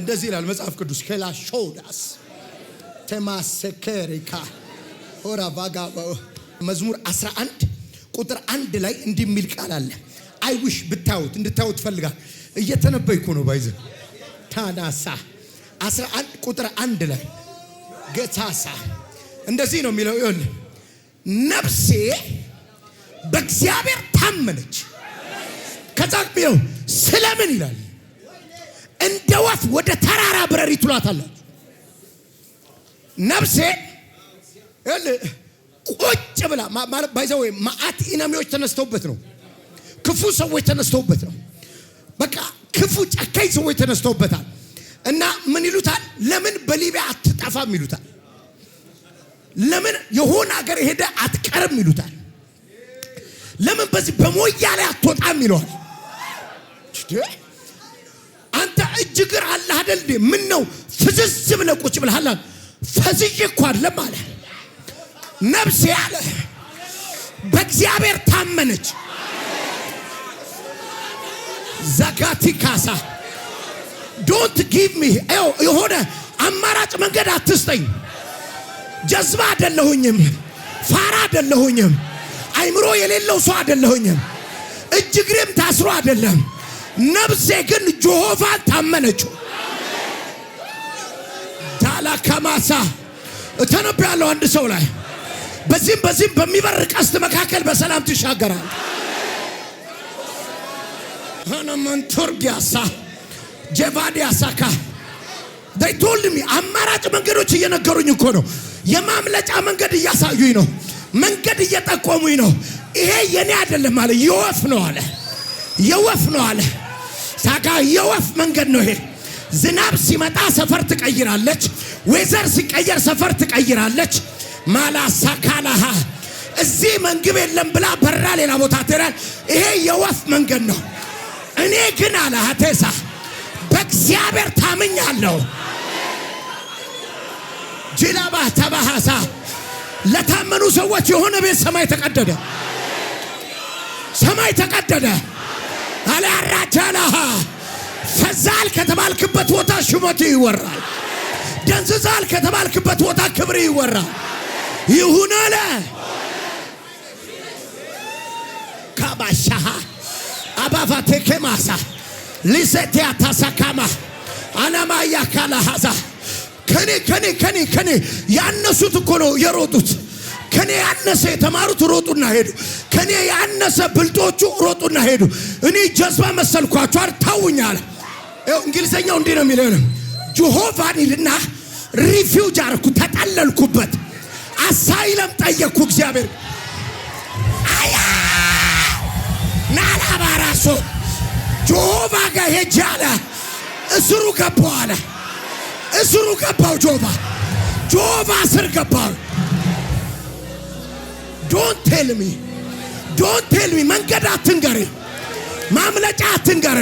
እንደዚህ ይላል መጽሐፍ ቅዱስ ኬላሾዳስ ቴማሴኬሪካ ሆራ ባጋ መዝሙር 11 ቁጥር አንድ ላይ እንዲህ የሚል ቃል አለ። አይዊሽ ብታዩት እንድታዩት ፈልጋል። እየተነበይኩ ነው ባይዘ ታናሳ 11 ቁጥር አንድ ላይ ገታሳ እንደዚህ ነው የሚለው ይሆን ነፍሴ በእግዚአብሔር ታመነች። ከዛ ስለምን ይላል ወፍ ወደ ተራራ ብረሪ ትሏታላችሁ። ነፍሴ ቁጭ ብላ ባይዘ ወይ ኢነሚዎች ተነስተውበት ነው። ክፉ ሰዎች ተነስተውበት ነው። በቃ ክፉ ጨካኝ ሰዎች ተነስተውበታል። እና ምን ይሉታል? ለምን በሊቢያ አትጠፋም ይሉታል። ለምን የሆነ ሀገር ሄደ አትቀርም ይሉታል። ለምን በዚህ በሞያ ላይ አትወጣም ይለዋል። ችግር አለ አይደል ምን ነው ፍዝዝ ብለህ ቁጭ ብለሃል? ፈዝዬ እኮ አይደለም አለ ነፍሴ አለ በእግዚአብሔር ታመነች። ዘጋቲ ካሳ ዶንት ጊቭ ሚ የሆነ አማራጭ መንገድ አትስጠኝ። ጀዝባ አይደለሁኝም፣ ፋራ አይደለሁኝም፣ አይምሮ የሌለው ሰው አይደለሁኝም፣ እጅግሬም ታስሮ አይደለም ነብሴ ግን ጆሆፋ ታመነችው። ዳላ ከማሳ እተነብያለሁ አንድ ሰው ላይ በዚህም በዚህም በሚበር ቀስት መካከል በሰላም ትሻገራል። ሆነመንቶርጊያሳ ጀቫዲያሳካ ቶልሚ አማራጭ መንገዶች እየነገሩኝ እኮ ነው። የማምለጫ መንገድ እያሳዩኝ ነው። መንገድ እየጠቆሙኝ ነው። ይሄ የኔ አይደለም አለ። የወፍ ነው አለ። የወፍ ነው አለ። ሳካ የወፍ መንገድ ነው ይሄ። ዝናብ ሲመጣ ሰፈር ትቀይራለች። ዌዘር ሲቀየር ሰፈር ትቀይራለች። ማላ ሳካላሃ እዚህ መንግብ የለም ብላ በራ ሌላ ቦታ ትሄዳል። ይሄ የወፍ መንገድ ነው። እኔ ግን አለ በእግዚአብሔር በእግዚአብሔር ታምኛለሁ። ጅላባ ተባሃሳ ለታመኑ ሰዎች የሆነ ቤት ሰማይ ተቀደደ፣ ሰማይ ተቀደደ። አላራጃላሃ ፈዛል ከተባልክበት ቦታ ሹመት ይወራል። ደንዝዛል ከተባልክበት ቦታ ክብር ይወራል። ይሁን አለ ካባሻሃ አባፋ ቴኬማሳ ሊሴቲያ ታሳካማ አናማያ ካላሃዛ ከኔ ከኔ ከኔ ከኔ ያነሱት እኮ ነው የሮጡት ከኔ ያነሰ የተማሩት ሮጡና ሄዱ። ከኔ ያነሰ ብልጦቹ ሮጡና ሄዱ። እኔ ጀዝባ መሰልኳቸኋል። አለ። እንግሊዘኛው እንዲህ ነው የሚለው ጆሆቫን ይልና ሪፊውጅ አረኩ፣ ተጠለልኩበት፣ አሳይለም ጠየቅኩ። እግዚአብሔር አያ ናላባራሶ ጆሆቫ ጋ ሄጄ አለ እስሩ ገባው አለ እስሩ ገባው ጆሆቫ ጆሆቫ እስር ገባው ዶን ቴልሚ ዶን ቴልሚ መንገድ አትንገሬ፣ ማምለጫ አትንገሬ።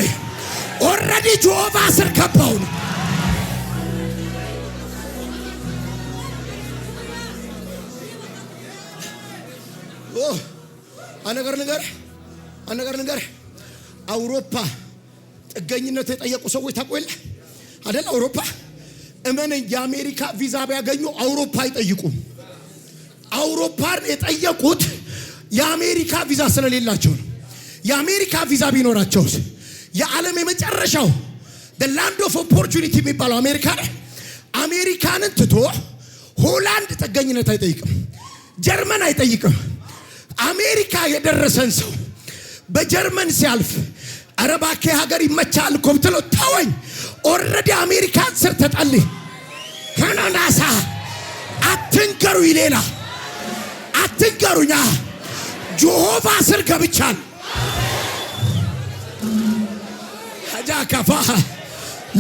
ኦልሬዲ ጆባ ስር ከባው ነው። oh, አነገር ንገር አነገር ንገር አውሮፓ ጥገኝነት የጠየቁ ሰዎች ታቆይለ አይደል? አውሮፓ እመነኝ፣ የአሜሪካ ቪዛ ቢያገኙ አውሮፓ አይጠይቁም። አውሮፓን የጠየቁት የአሜሪካ ቪዛ ስለሌላቸው ነው። የአሜሪካ ቪዛ ቢኖራቸውስ የዓለም የመጨረሻው ላንድ ኦፍ ኦፖርቹኒቲ የሚባለው አሜሪካ አሜሪካንን ትቶ ሆላንድ ጥገኝነት አይጠይቅም፣ ጀርመን አይጠይቅም። አሜሪካ የደረሰን ሰው በጀርመን ሲያልፍ ኧረ እባክህ ሀገር ይመቻል እኮ ብትለው ተወኝ፣ ኦልሬዲ አሜሪካን ስር ተጠልህ ከናናሳ አትንገሩ ይሌላ አትንገሩኛ። ጆሆባ ስር ገብቻል።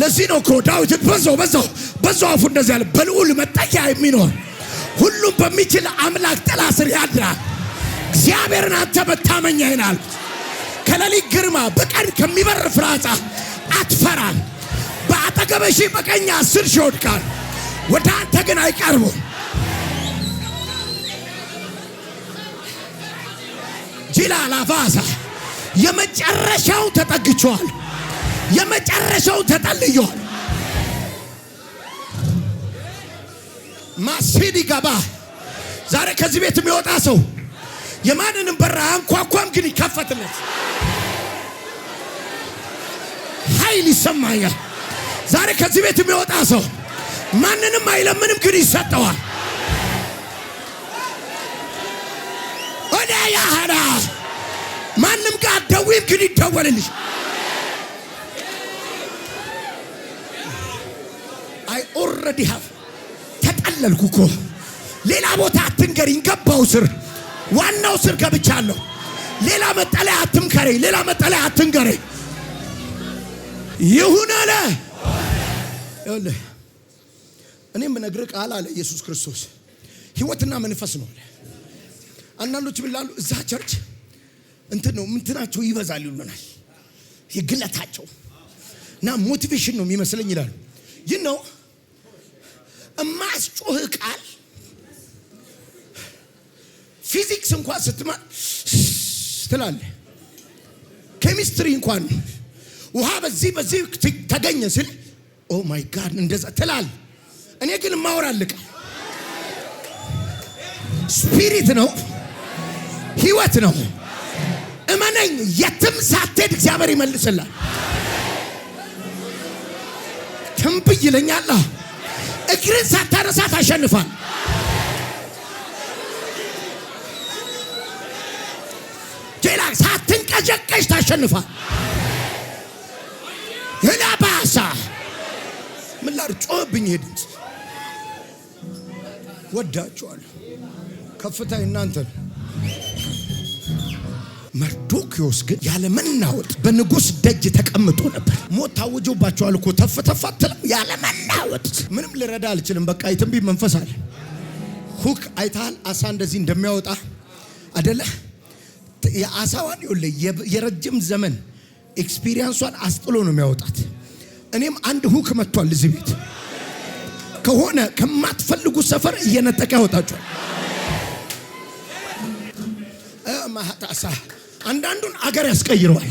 ለዚህ ነው እኮ ዳዊት በዛው በዛው በዛው አፉ እንደዚህ ያለ በልዑል መጠጊያ የሚኖር ሁሉም በሚችል አምላክ ጥላ ስር ያድራል። እግዚአብሔርን አንተ መታመኛ ይናል። ከሌሊት ግርማ በቀን ከሚበር ፍራጻ አትፈራል። በአጠገበሺ በቀኛ ስር ሽወድቃል ወደ አንተ ግን አይቀርቡም። ጂላላቫዛ የመጨረሻው ተጠግቸዋል። የመጨረሻው ተጠልየዋል። ማሲዲ ጋባ ዛሬ ከዚህ ቤት የሚወጣ ሰው የማንንም በር አንኳኳም፣ ግን ይከፈትለት። ኃይል ይሰማኛል። ዛሬ ከዚህ ቤት የሚወጣ ሰው ማንንም አይለምንም፣ ግን ይሰጠዋል። ወደ ማንም ጋር አትደውይም፣ ግን ይደወልልሽ። አይ ኦልሬዲ ሀፍ ተጠለልኩ እኮ ሌላ ቦታ አትንገሪኝ። ገባው ስር ዋናው ስር ገብቻለሁ። ሌላ መጠለያ አትምከረኝ፣ ሌላ መጠለያ አትንገረኝ። ይሁን አለ እኔም ብነግር ቃል አለ ኢየሱስ ክርስቶስ ህይወትና መንፈስ ነው። አንዳንዶች ብላሉ እዛ ቸርች እንትን ነው እንትናቸው ይበዛል ይሉናል። ይግለታቸው እና ሞቲቬሽን ነው የሚመስለኝ ይላሉ። ይህ ነው እማስጮህ ቃል ፊዚክስ እንኳን ስትማ ትላለ ኬሚስትሪ እንኳን ውሃ በዚህ በዚህ ተገኘ ስል ኦ ማይ ጋድ እንደዛ ትላል። እኔ ግን ማወራልቅ ስፒሪት ነው፣ ህይወት ነው። እመነኝ፣ የትም ሳትሄድ እግዚአብሔር ይመልስላል። ትንብ ይለኛል። እግርን ሳታነሳ ታሸንፋል። ሌላ ሳትንቀጨቀጭ ታሸንፋል። ላባሳ ምን ላድርግ? ጮኸብኝ ይሄ ድምፅ። ወዳችኋለሁ። ከፍታ እናንተ ነው። መርዶኪዎስ ግን ያለ መናወጥ በንጉስ ደጅ ተቀምጦ ነበር። ሞት ታውጆባቸዋል እኮ ተፍ ተፍ አትልም። ያለ መናወጥ ምንም ልረዳ አልችልም። በቃ የትንቢት መንፈስ አለ። ሁክ አይታል አሳ እንደዚህ እንደሚያወጣ አደለ? የአሳዋን ይኸውልህ፣ የረጅም ዘመን ኤክስፒሪየንሷን አስጥሎ ነው የሚያወጣት። እኔም አንድ ሁክ መጥቷል እዚህ ቤት ከሆነ ከማትፈልጉ ሰፈር እየነጠቀ ያወጣችኋል። አንዳንዱን አገር ያስቀይረዋል።